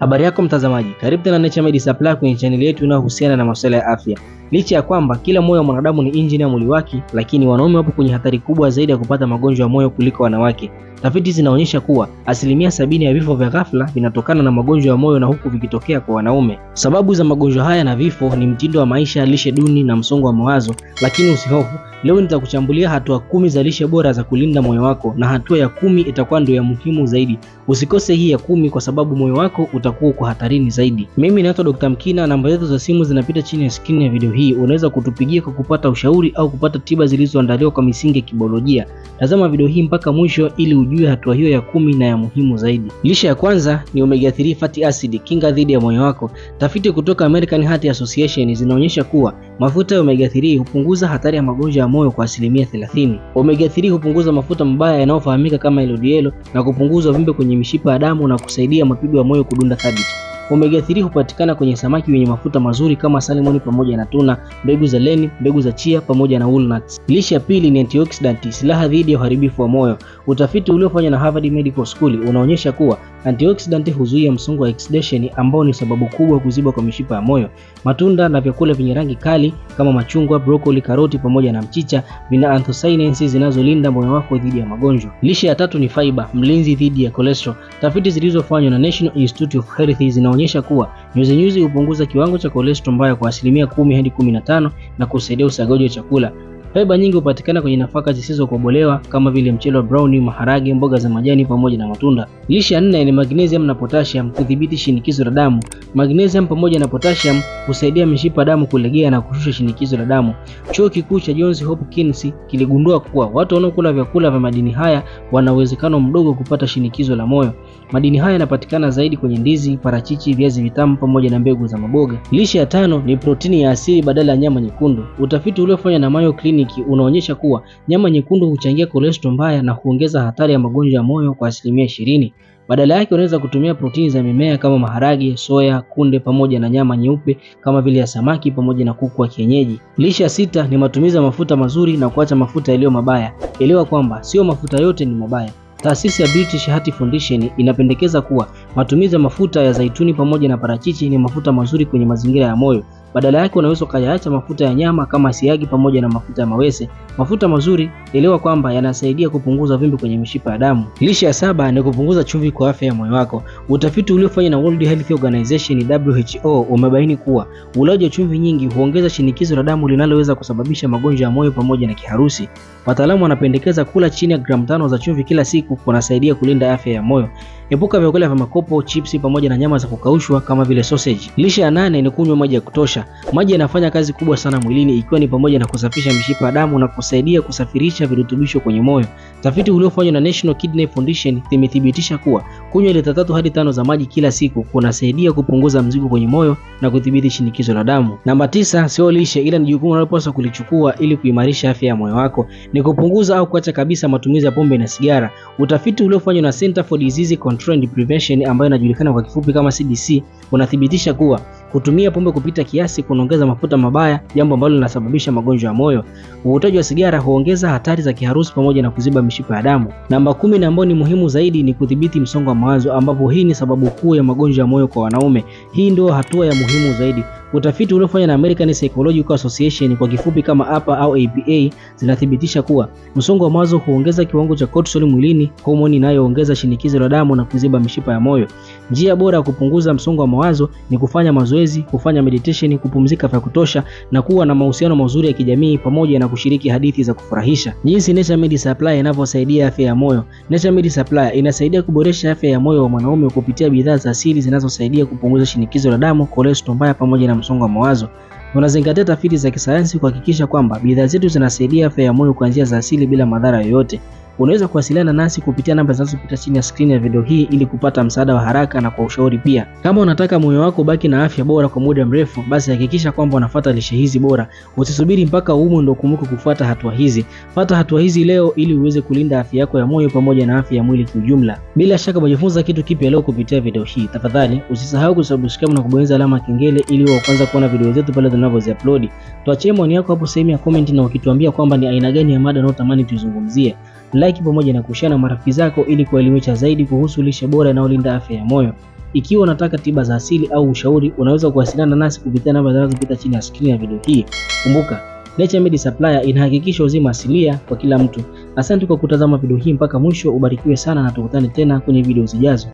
Habari yako mtazamaji, karibu tena Naturemed Supplies kwenye chaneli yetu inayohusiana na masuala ya afya. Licha ya kwamba kila moyo wa mwanadamu ni injini ya mwili wake, lakini wanaume wapo kwenye hatari kubwa zaidi ya kupata magonjwa ya moyo kuliko wanawake. Tafiti zinaonyesha kuwa asilimia sabini ya vifo vya ghafla vinatokana na magonjwa ya moyo na huku vikitokea kwa wanaume. Sababu za magonjwa haya na vifo ni mtindo wa maisha, lishe duni na msongo wa mawazo. Lakini usihofu, leo nitakuchambulia hatua kumi za lishe bora za kulinda moyo wako, na hatua ya kumi itakuwa ndio ya muhimu zaidi. Usikose hii ya kumi kwa sababu moyo wako utakuwa uko hatarini zaidi. Mimi naitwa Dr. Mkina, namba zetu za simu zinapita chini ya skrini ya video hii hii unaweza kutupigia kwa kupata ushauri au kupata tiba zilizoandaliwa kwa misingi ya kibiolojia. Tazama video hii mpaka mwisho ili ujue hatua hiyo ya kumi na ya muhimu zaidi. Lisha ya kwanza ni omega 3 fatty acid, kinga dhidi ya moyo wako. Tafiti kutoka American Heart Association zinaonyesha kuwa mafuta ya omega 3 hupunguza hatari ya magonjwa ya moyo kwa asilimia 30. Omega 3 hupunguza mafuta mabaya yanayofahamika kama LDL na kupunguza uvimbe kwenye mishipa ya damu na kusaidia mapigo ya moyo kudunda thabiti. Omega 3 hupatikana kwenye samaki wenye mafuta mazuri kama salmon pamoja na tuna, mbegu za leni, mbegu za chia pamoja na walnuts. Lishe ya pili ni antioxidant, silaha dhidi ya uharibifu wa moyo. Utafiti uliofanywa na Harvard Medical School unaonyesha kuwa antioxidant huzuia msongo wa oxidation ambao ni sababu kubwa kuziba kwa mishipa ya moyo. Matunda na vyakula vyenye rangi kali kama machungwa, brokoli, karoti pamoja na mchicha vina anthocyanins zinazolinda moyo wako dhidi ya magonjwa. Lishe ya tatu ni fiber, mlinzi dhidi ya cholesterol. Tafiti zilizofanywa na National Institute of Health zinaonyesha inaonyesha kuwa nyuzinyuzi hupunguza kiwango cha kolesterol mbaya kwa asilimia kumi hadi kumi na tano na kusaidia usagaji wa chakula Faiba nyingi hupatikana kwenye nafaka zisizokobolewa kama vile mchele wa brown, maharage, mboga za majani pamoja na matunda. Lishe ya nne ni magnesium na potassium kudhibiti shinikizo la damu. Magnesium pamoja na potassium husaidia mishipa damu kulegea na kushusha shinikizo la damu. Chuo kikuu cha Johns Hopkins kiligundua kuwa watu wanaokula vyakula vya madini haya wana uwezekano mdogo kupata shinikizo la moyo. Madini haya yanapatikana zaidi kwenye ndizi, parachichi, viazi vitamu pamoja na mbegu za maboga. Lishe ya tano ni protini ya asili badala ya nyama nyekundu. Utafiti uliofanywa na Mayo Clinic kliniki unaonyesha kuwa nyama nyekundu huchangia kolesterol mbaya na huongeza hatari ya magonjwa ya moyo kwa asilimia ishirini. Badala yake unaweza kutumia protini za mimea kama maharage, soya, kunde pamoja na nyama nyeupe kama vile ya samaki pamoja na kuku wa kienyeji. Lisha sita ni matumizi ya mafuta mazuri na kuacha mafuta yaliyo mabaya. Elewa kwamba sio mafuta yote ni mabaya. Taasisi ya British Heart Foundation inapendekeza kuwa matumizi ya mafuta ya zaituni pamoja na parachichi ni mafuta mazuri kwenye mazingira ya moyo. Badala yake unaweza ukayaacha mafuta ya nyama kama siagi pamoja na mafuta ya mawese. Mafuta mazuri, elewa kwamba yanasaidia kupunguza vimbi kwenye mishipa ya damu. Lishe ya saba ni kupunguza chumvi kwa afya ya moyo wako. Utafiti uliofanywa na World Health Organization WHO umebaini kuwa ulaji wa chumvi nyingi huongeza shinikizo la damu linaloweza kusababisha magonjwa ya moyo pamoja na kiharusi. Wataalamu wanapendekeza kula chini ya gramu tano za chumvi kila siku siku kunasaidia kulinda afya ya moyo. Epuka vyakula vya makopo, chipsi pamoja na nyama za kukaushwa kama vile sausage. Lishe ya nane ni kunywa maji ya kutosha. Maji yanafanya kazi kubwa sana mwilini ikiwa ni pamoja na kusafisha mishipa ya damu na kusaidia kusafirisha virutubisho kwenye moyo. Tafiti uliofanywa na National Kidney Foundation imethibitisha kuwa kunywa lita tatu hadi tano za maji kila siku kunasaidia kupunguza mzigo kwenye moyo na kudhibiti shinikizo la damu. Namba tisa, sio lishe ila ni jukumu unalopaswa kulichukua ili kuimarisha afya ya moyo wako. Ni kupunguza au kuacha kabisa matumizi ya pombe na sigara. Utafiti uliofanywa na Center for Disease Control and Prevention ambayo inajulikana kwa kifupi kama CDC unathibitisha kuwa kutumia pombe kupita kiasi kunaongeza mafuta mabaya, jambo ambalo linasababisha magonjwa ya moyo. Uvutaji wa sigara huongeza hatari za kiharusi pamoja na kuziba mishipa ya damu. Namba kumi na ambayo ni muhimu zaidi ni kudhibiti msongo wa mawazo, ambapo hii ni sababu kuu ya magonjwa ya moyo kwa wanaume. Hii ndio hatua ya muhimu zaidi. Utafiti uliofanywa na American Psychological Association kwa kifupi kama APA au APA zinathibitisha kuwa msongo wa mawazo huongeza kiwango cha cortisol mwilini, homoni inayoongeza shinikizo la damu na kuziba mishipa ya moyo. Njia bora ya kupunguza msongo wa mawazo ni kufanya mazoezi, kufanya meditation, kupumzika vya kutosha na kuwa na mahusiano mazuri ya kijamii pamoja na kushiriki hadithi za kufurahisha. Jinsi Naturemed Supply inavyosaidia afya ya moyo. Naturemed Supply inasaidia kuboresha afya ya moyo wa mwanaume kupitia bidhaa za asili zinazosaidia kupunguza shinikizo la damu, cholesterol mbaya pamoja na msongo wa mawazo, unazingatia tafiti za kisayansi kuhakikisha kwamba bidhaa zetu zinasaidia afya ya moyo kwa njia za asili bila madhara yoyote. Unaweza kuwasiliana nasi kupitia namba zinazopita chini ya skrini ya video hii ili kupata msaada wa haraka na kwa ushauri pia. Kama unataka moyo wako ubaki na afya bora kwa muda mrefu, basi hakikisha kwamba unafuata lishe hizi bora. Usisubiri mpaka uumwe ndio ukumbuke kufuata hatua hizi. Fata hatua hizi leo ili uweze kulinda afya yako ya moyo pamoja na afya ya mwili kiujumla. Bila shaka umejifunza kitu kipya leo kupitia video hii. Tafadhali usisahau kusubscribe na kubonyeza alama ya kengele ili uwe wa kwanza kuona video zetu pale tunavyoziupload. Tuachie maoni yako hapo sehemu ya comment na ukituambia kwamba ni aina gani ya mada unayotamani tuizungumzie like pamoja na kushare na marafiki zako ili kuelimisha zaidi kuhusu lishe bora inayolinda afya ya moyo. Ikiwa unataka tiba za asili au ushauri, unaweza kuwasiliana nasi kupitia namba zinazopita chini ya skrini ya video hii. Kumbuka, Naturemed Supplier inahakikisha uzima asilia kwa kila mtu. Asante kwa kutazama video hii mpaka mwisho, ubarikiwe sana na tukutane tena kwenye video zijazo.